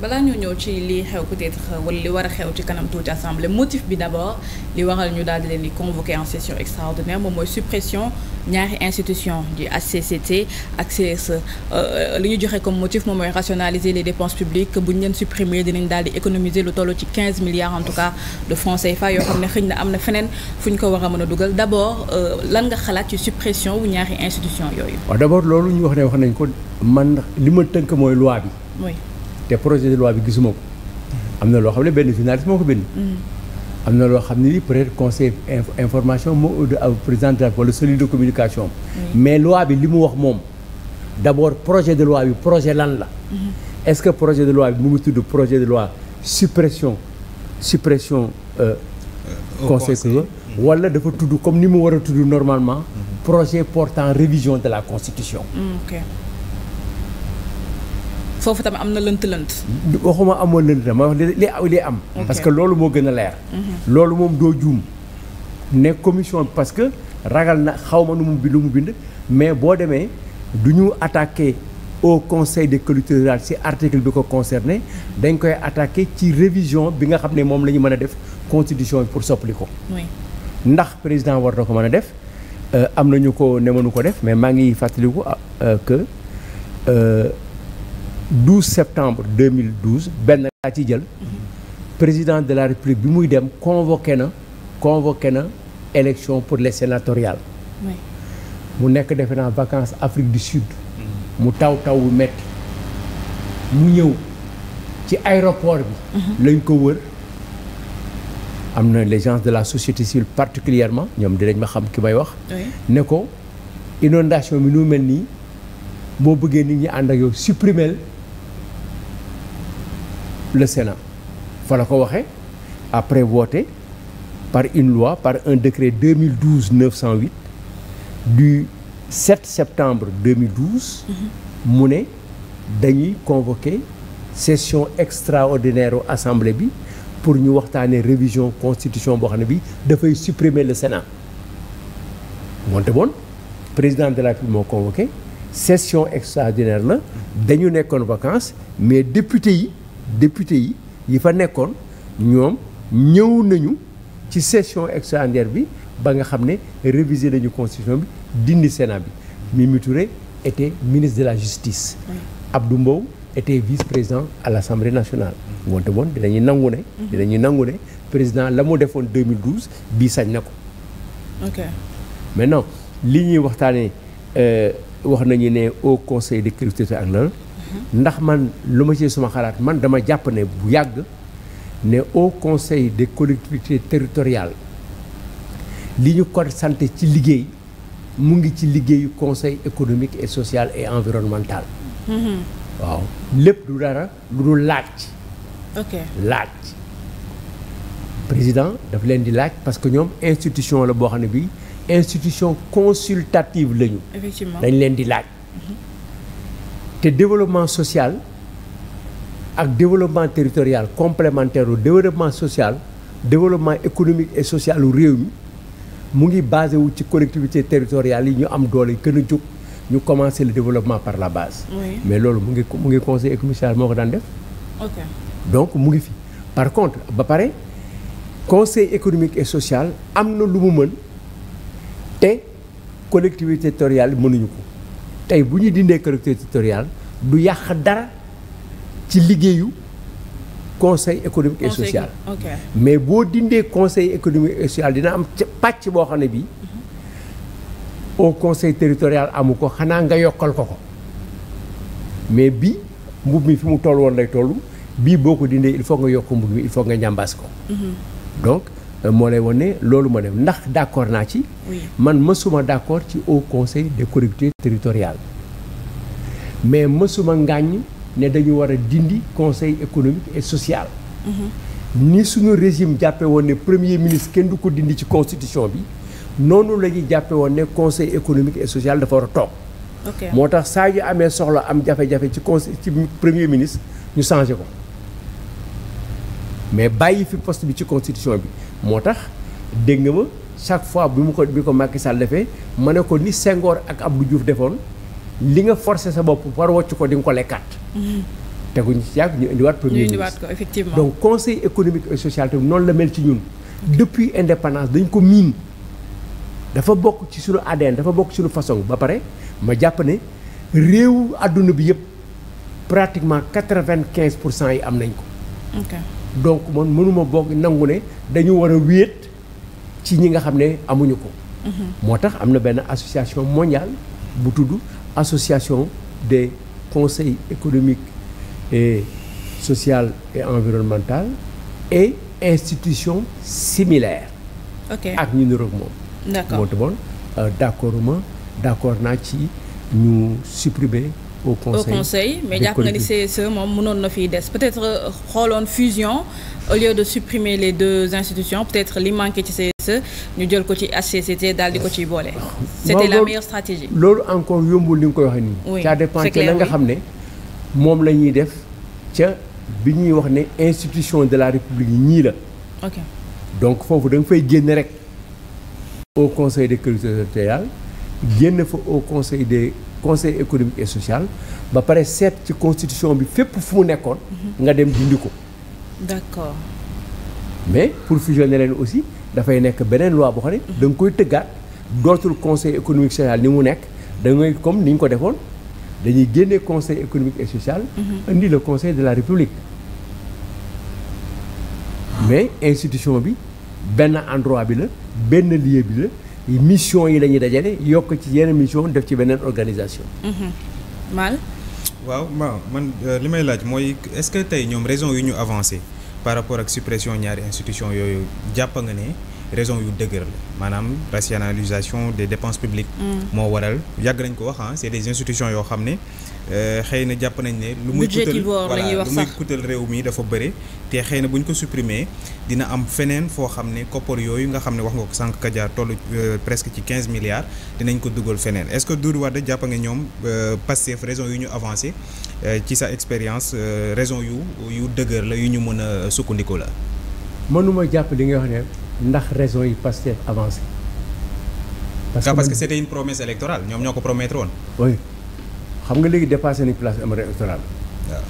balaa ñu ñëw ci lii xew peut-être euh, wala li war a xew ci kanam tuuti assemblée motif bi d'abord li waral ñu daal di leen di convoquer en session extraordinaire moom mooy suppression ñaari institution du HCCT ak CSE euh, euh, li ñu joxe comme motif moom mooy rationaliser les dépenses publiques bu ñu leen supprimer dinañ daal di économiser lu toll ci 15 milliards en tout cas de francs CFA yoo xam ne xëy na am na feneen fu ñu ko war a mën a dugal d'abord lan nga xalaat ci suppression wu ñaari institution yooyu. waaw d'abord loolu ñu wax ne wax nañ ko man li ma tënk mooy loi bi. te projet de loi bi gisuma ko am na loo xam ne benn journaliste moo ko bind am na loo xam ne ni peut-être conseil information moo euh, président wala cellule de communication mais loi bi li mu wax moom d'abord projet de loi bi projet lan la mm-hmm. est-ce que projet de loi bi mu ngi tudd projet de loi suppression suppression euh, euh, conseil que mm-hmm. wala dafa tudd comme ni mu war a tudd normalement mm-hmm. projet portant révision de la constitution mm, foofu tamit am na lënt-lënt. waxuma amoon lënt ma wax li li am. parce que loolu moo gën a leer. Mhm. loolu moom doo juum ne commission parce que ragal na xaw ma nu mu bind lu mu bind mais boo demee du ñu attaqué au conseil des collectivités rurales si article bi ko concerné dañ koy attaqué ci révision bi nga xam ne moom la ñu mën a def constitution bi pour soppali ko. ndax président war da ko mën a def euh, am na ñu ko ne ko def mais maa ngi fàttaliku euh, que. Euh, 12 septembre 2012 benn laa ci jël président de la république bi muy dem convoqué na convoqué na élection pour le sénatoriales mu nekk defe naa vacances Afrique du Sud mu taw taw bu metti mu ñëw ci aéroport bi mhm. lañ ko wër am na les gens de la société civile particulièrement ñoom di dinañ ma xam ki may wax ne ko inondation bi nu mel nii boo bëggee nit ñi ànd ak yow suprimel le Sénat fa la ko waxee après voté par une loi par un décret 2012 908 du 7 septembre 2012 mu ne dañuy convoqué session extraordinaire u assemblée bi pour ñu waxtaanee révision constitution boo xam ne bi dafay supprimer le Sénat moonte bon président de la République moo convoqué session extraordinaire la dañu nekkoon vacances mais député yi député yi yi fa nekkoon ñoom ñëw nañu ci session extraordinaire bi ba nga xam ne réviser nañu constitution bi dindi Sénat bi Mimi Touré était ministre de la justice Abdou Mbow était vice-président à l'Assemblée nationale wante woon dinañuy nangu ne mhm. dinañuy nangu ne président la mu defoon 2012 bii sañ na ko ok maintenant li ñuy waxtaanee euh, wax nañu ne au conseil de collectivité ak la ndax man lu ma ci suma xalaat man dama jàpp ne bu yàgg ne au conseil des collectivités territoriales li ñu ko sant ci liggéey mu ngi ci liggéeyu conseil économique et social et environnemental. Mm-hmm. waaw lépp du dara lu dul laaj. ci laaj. président daf leen di laaj parce que ñoom institution la boo xam ne bii institution consultative lañu. dañ leen di laaj. Mm-hmm. te développement social ak développement territorial complémentaire au développement social développement économique et social réew mi mu ngi basé wu ci collectivité territoriale yi ñu am doole gën a jóg ñu commencer le développement par la base. mais loolu mu ngi mu ngi conseil économique social moo ko daan def. donc mu ngi fi par contre ba pare conseil économique et social am na lu mu mën te collectivité territoriale mënuñu ko. tey bu ñu dindee caractère territorial du yàq dara ci liggéeyu conseil économique et social mais boo dindee conseil économique et social dina am pàcc boo xam ne bii mhm. au conseil teritorial amu ko xanaa nga yokkal ko ko mais bi mbub mi fi mu toll woon lay toll bii boo ko dindee il faut nga yokk mbub mi il faut nga ñambaas ko mhm. Euh, moo lay wane loolu ma dem ndax d'accord naa ci man mësuma d'accord ci haut conseil de collectivités teritorial mais mësuma ngàññ ne dañu war a dindi conseil économique et social mhm. ni suñu régime jàppe woon ne premier ministre kenn du ko dindi ci constitution bi noonu la ñuy jàppe woon ne conseil économique et social dafa war a toog moo tax saa yi amee soxla am jafe-jafe ci conseil ci premier ministre ñu changé ko mais bàyyi fi post bi ci constitution bi moo tax dégg nga ma chaque fois bi mu ko bi ko Macky Sall defee ma ne ko ni sengoor ak Abdou Diouf defoon li nga forcé sa bopp war wocc ko di nga ko lekkat mm-hmm. teguñu ci yàgg ñu indiwaat premier ministre ko effectivement donc conseil économique et social tamit la mel ci ñun. depuis indépendance dañ ko miin. dafa bokk ci suñu ADN dafa bokk suñu façon ba pare ma jàpp ne réewu adduna bi yëpp pratiquement quatre-vingt-quinze pour cent yi am nañ ko. donc man mënuma boog nangu ne dañu war a wéet ci ñi nga xam ne amuñu ko. Mhm. moo tax am na benn association mondiale bu tudd association des conseils économiques et social et environnemental et institution similaire. ok ak ñu niroog moom. d'accord moo tax bon euh, d'accord ma naa ci ñu supprimer. au conseil, au conseil mais jàpp nga ni CSE moom munoon na fiy des peut-être euh, xooloon fusion au lieu de supprimer les deux institutions peut-être li manqué ci CSE ñu jël ko ci HCCT daal di ko ciy boole. c'était la meilleure stratégie. loolu encore yombul li nga koy waxee nii. ça dépend ci la nga xam ne moom la ñuy def ca bi ñuy wax ne institution de la république ñii la. donc foofu da nga génn rek. au conseil des collectivités territoriales génn fa au conseil des. conseil économique et social ba pare seet ci constitution bi fépp fu mu nekkoon. nga dem dindi ko. d'accord. mais pour fusionner leen aussi dafay nekk beneen loi boo xam danga koy tëggaat dootul conseil économique social ni mu nekk da ngay comme ni ñu ko defoon dañuy génne conseil économique et social. Mhm. indi le conseil de la république. mais institution bi benn endroit bi la benn lieu bi la. mission yi la ñuy dajale yokk ci yenn mission def ci beneen organisation. Mhm. Mal. waaw waaw man euh, li may laaj mooy est-ce que tey ñoom raison yu ñu avancé par rapport ak suppression ñaari institution yooyu jàpp nga ne. raison yu dëgër la maanaam rationalisation des dépenses publiques mm. moo waral yàgg nañ ko wax ah c'est des institutions yoo xam ne euh, xëy na jàpp nañ ne lu muy kutal voilà lu réew mi dafa bëri te xëy na bu ñu ko supprimer dina am feneen foo xam ne koppar yooyu nga xam ne wax nga ko sànq kajaar toll euh, presque ci quinze milliards dinañ ko dugal feneen est-ce que Doudou Wade jàpp nga ñoom euh, Pastef raison yu ñu avancé ci sa expérience raison yu yu dëgër la yu ñu mën a sukkandiku la ndax raison yi Pastef avancé. parce que parce que c'était une promesse électorale ñoom ñoo ko prometre woon. oui xam nga léegi dépassé nañ place am électorale. waaw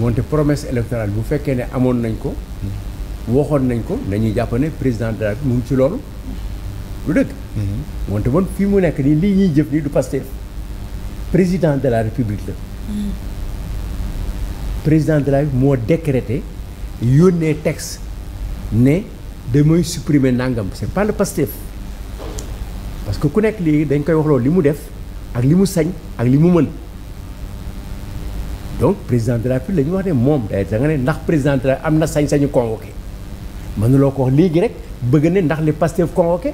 moonte promesse électorale bu fekkee ne amoon nañ ko. waxoon nañ ko dañuy jàpp ne président de la mu ngi ci loolu lu dëgg. Mhm. fii mu nekk nii lii ñuy jëf nii du Pastef président de la république la. Mhm. président de la république moo décrété yónnee texte ne. damay supprimer nangam c'est parle le Pastef parce que ku nekk léegi dañ koy wax loolu li mu def ak li mu sañ ak li mu mën donc président de la République la wax ne moom day da ne ndax président de la am na sañ-sañu convoqué mënuloo ko wax léegi rek bëgg ne ndax li Pastef convoqué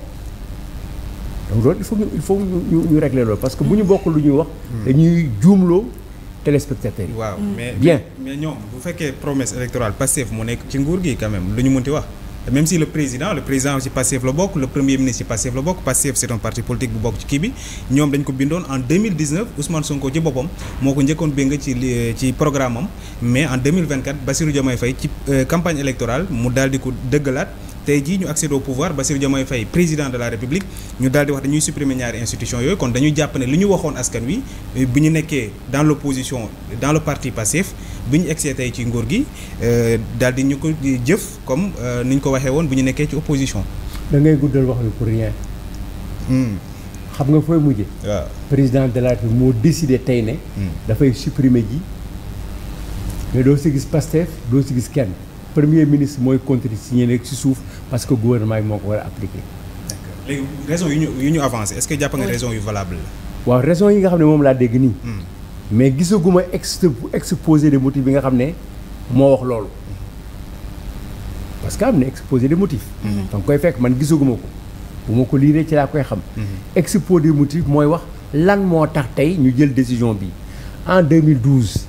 donc loolu il faut il faut ñu ñu loolu parce que bu ñu bokk lu ñuy wax. dañuy juumloo. téléspectateurs yi. waaw mais bien mais ñoom bu fekkee promesse électorale Pastef mu nekk ci nguur gi quand lu ñu mënti wax. même si le président le président ci Pastef la bokk le premier ministre ci Pastef la bokk Pastef c'est parti politique bu bokk ci kii bi ñoom dañ ko bindoon en 2019 Ousmane Sonko ci boppam moo ko njëkkoon béng ci ci programme am mais en 2024 Bassirou Diomaye ci euh, campagne électorale mu daal di ko dëggalaat tey jii ñu accéder au pouvoir Bassirou Diomaye Faye président de la république ñu daal di wax dañuy supprimer ñaari institution yooyu kon dañuy jàpp ne li ñu waxoon askan wi euh, bu ñu nekkee dans l'opposition dans le parti passif bi ñu egsee tey ci nguur gi euh, daal di ñu ko jëf comme euh, ni ñu ko waxee woon bu ñu nekkee ci opposition. da ngay guddal wax bi pour rien. Hmm. xam nga fooy mujje waaw président de la République moo décidé tey ne. Hmm. dafay supprimer ji mais doo si gis Pastef doo si gis kenn. premier ministre mooy continuer signé rek si suuf parce que gouvernement bi moo ko war a appliqué. d'accord raison yu ñu yu ñu avancé est-ce que jàpp nga raison yu valable la. waaw raison yi ne moom laa dégg nii. Hmm. mais gisaguma ex exposé des motifs bi nga xam ne moo wax loolu. parce que am na exposé des motifs. Hmm. donc koy fekk man gisaguma ko. bu ma ko liiree ci laa koy xam. Hmm. exposé des motifs mooy wax lan moo tax tey ñu jël décision bi en 2012.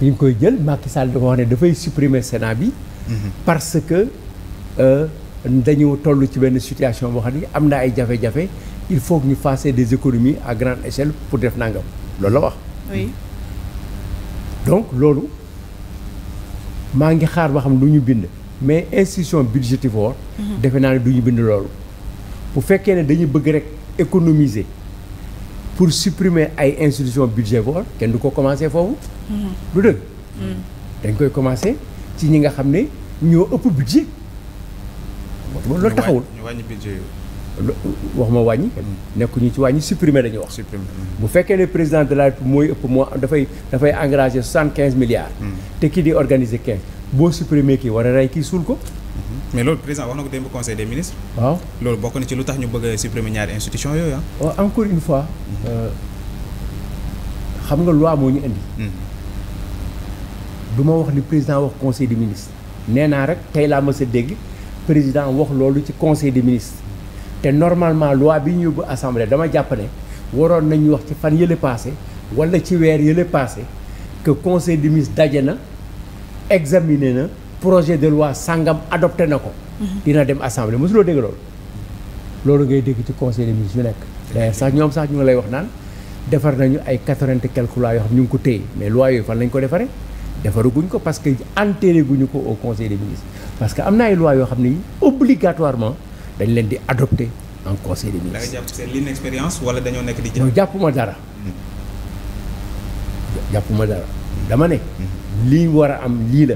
bi ñu koy jël Macky Sall dafa wax ne dafay supprimer Sénat bi. Mhm. parce que euh, dañu toll ci benn situation boo xam ne am na ay jafe-jafe il faut ñu fasser des économies à grande échelle pour def nangam loolu la wax. donc loolu maa ngi xaar ba xam lu ñu bind. mais institution budgétivore. Mhm. defe naa ne du ñu bind loolu. bu fekkee ne dañu bëgg rek économiser. pour supprimer ay institution budgétivore kenn du ko commencé foofu. du mm-hmm. dëgg. Mm-hmm. dañ koy commencé ci ñi nga xam ne ñoo ëpp budget. moo loolu taxawul ñu wàññi budget wax ma wàññi. Mm. nekku ñu ci wàññi suprimer dañuy wax. Mm. bu fekkee ne président de la mooy ëpp moo dafay dafay engrager cent quinze milliards. Mm. te kii di organiser quinze boo supprimer kii war a rey kii suul ko. mais loolu président wax na ko démb conseil des ministres. waaw loolu bokk na ci lu tax ñu bëgg a supprimer ñaari institution yooyu ah. encore une fois. Euh, xam nga loi moo ñu indi. Hmm. du ma wax li président wax conseil des ministres. nee naa rek tey laa mës a dégg président wax loolu ci conseil des ministres. te normalement loi bi ñu yóbbu assemblée dama jàpp ne waroon nañu wax ci fan yële passé wala ci weer yële passé que conseil des ministres daje na examiné na. projet de loi sàngam adopté na ko. Mhm. dina dem assemblée mosuloo dégg loolu. loolu ngay dégg ci conseil des ministres yu nekk. d'ailleurs sax ñoom sax ñu ngi lay wax naan defar nañu ay quatre-vingt et quelques lois yoo xam ñu ngi ko téye mais lois yooyu fan ko defaree. defaraguñ ko parce que enterré ko au conseil des parce que am na ay yoo xam ne obligatoirement dañ leen di adopté en conseil des ministres. da nga jàpp c'est l'inexpérience wala dañoo nekk di. jàpp jàppuma dara. Mm. jàppuma dara dama ne. Mm. lii war a am lii la.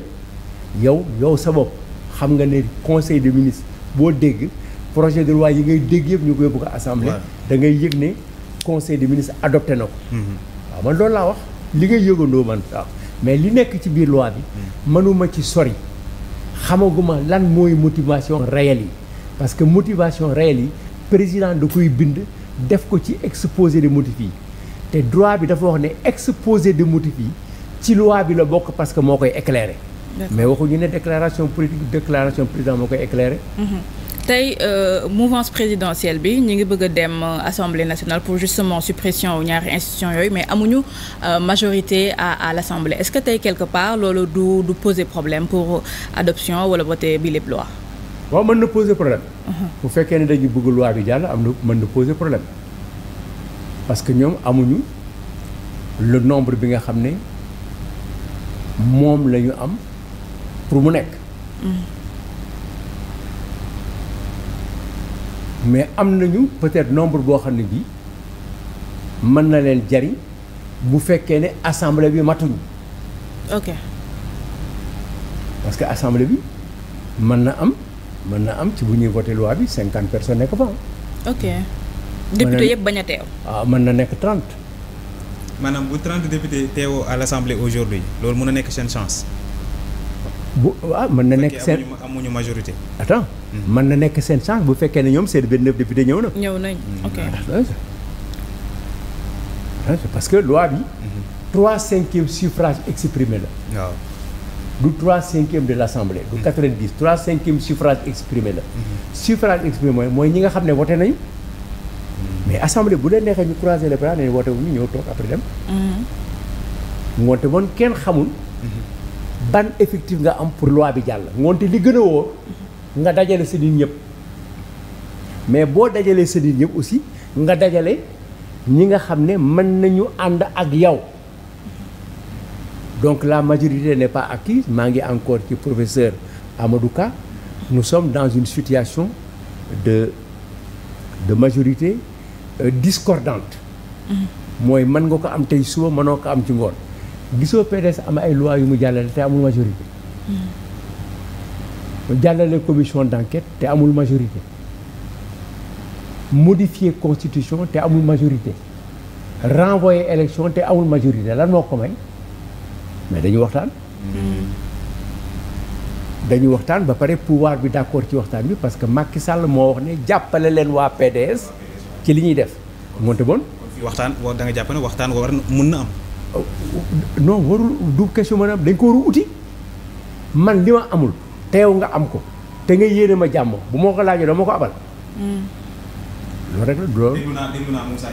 yow yow sa bopp xam nga ne conseil des ministre boo dégg projet de loi yi ngay dégg yëpp ñu koy yóbbu ko assemblée. da ngay yëg ne conseil de ministre adopté na ko. Mhm. waaw man loolu laa wax li ngay yëgandoo man waaw mais li nekk ci biir loi bi. Mhm. mënuma ci sori. xamaguma lan mooy motivation réelle yi parce que motivation réelle yi président da koy bind def ko ci exposé de motifs yi te droit bi dafa wax ne exposé de motifs yi ci loi bi la bokk parce que moo koy éclairer. mais waxuñu ne déclaration politique déclaration président moo koy éclairé. Mhm. tey euh, mouvance présidentielle bi ñu ngi bëgg dem euh, assemblée nationale pour justement suppression wu ñaari institution yooyu mais amuñu euh, majorité à à l'assemblée est-ce que tey quelque part loolu du du poser problème pour adoption wala voter bi lép loi. waaw mën na poser problème. Mhm. bu fekkee ne dañu bëgg loi bi jàll am na mën na poser problème parce que ñoom amuñu le nombre bi nga xam ne moom la ñu am. pour mu nekk. mais am nañu peut-être nombre boo xam ne bii mën na leen jariñ bu fekkee ne assemble bi matuñu. ok parce que assemblée bi mën na am mën na am ci bu ñuy voté loi bi cinquante personnes nekk fa ok député yëpp bañ a teew. waaw ah, mën na nekk trent maanaam bu trente député teewoo à l'assemblée aujourd'hui loolu mën na nekk seen chance. bu waaw ah, mën na nekk seen amuñu majorité. attends hmm. mën na nekk seen chance bu fekkee ne ñoom seen 29 député ñëw na. ñëw nañ hmm. ok. parce que loi bi. 3 hmm. cinquième suffrage exprimé la. waaw du 3 cinquième de l' assemblée. du 90 3 cinquième suffrage exprimé la. suffrage exprimé mooy mooy ñi nga xam ne wote nañu. mais assemblée bu leen neexee ñu croiser les bras ne wote wu ñëw toog après dem. wante moom kenn xamul. ban effective nga am pour loi bi jàll ngoonte li gën a woo nga dajale sa nit ñëpp mais boo dajalee sa nit ñëpp aussi nga dajale ñi nga xam ne mën nañu ànd ak yow donc la majorité ne pas acquise maa ngi encore ci professeur Amadou Ka nous sommes dans une situation de de majorité euh, discordante mm-hmm. mooy mën nga ko am tey suba mënoo ko am ci ngoon gisoo PDS am ay loi yu mu jàllale te amul majorité mu hmm. jàllale commission d'enquête te amul majorité modifier constitution te amul majorité renvoyer élection te amul majorité lan moo ko may mais dañu waxtaan hmm. dañu waxtaan ba pare pouvoir bi d'accord ci waxtaan bi parce que Macky sàll moo wax ne jàppale leen waa PDS ci li ñuy def moonte bon waxtaan da nga ne waxtaan war mun na am non warul du question maanaam dañ ko war uti man li ma amul teew nga am ko te nga yéene ma jàmm bu moo ko laajee dama ko abal. Hmm. loolu rek la loolu.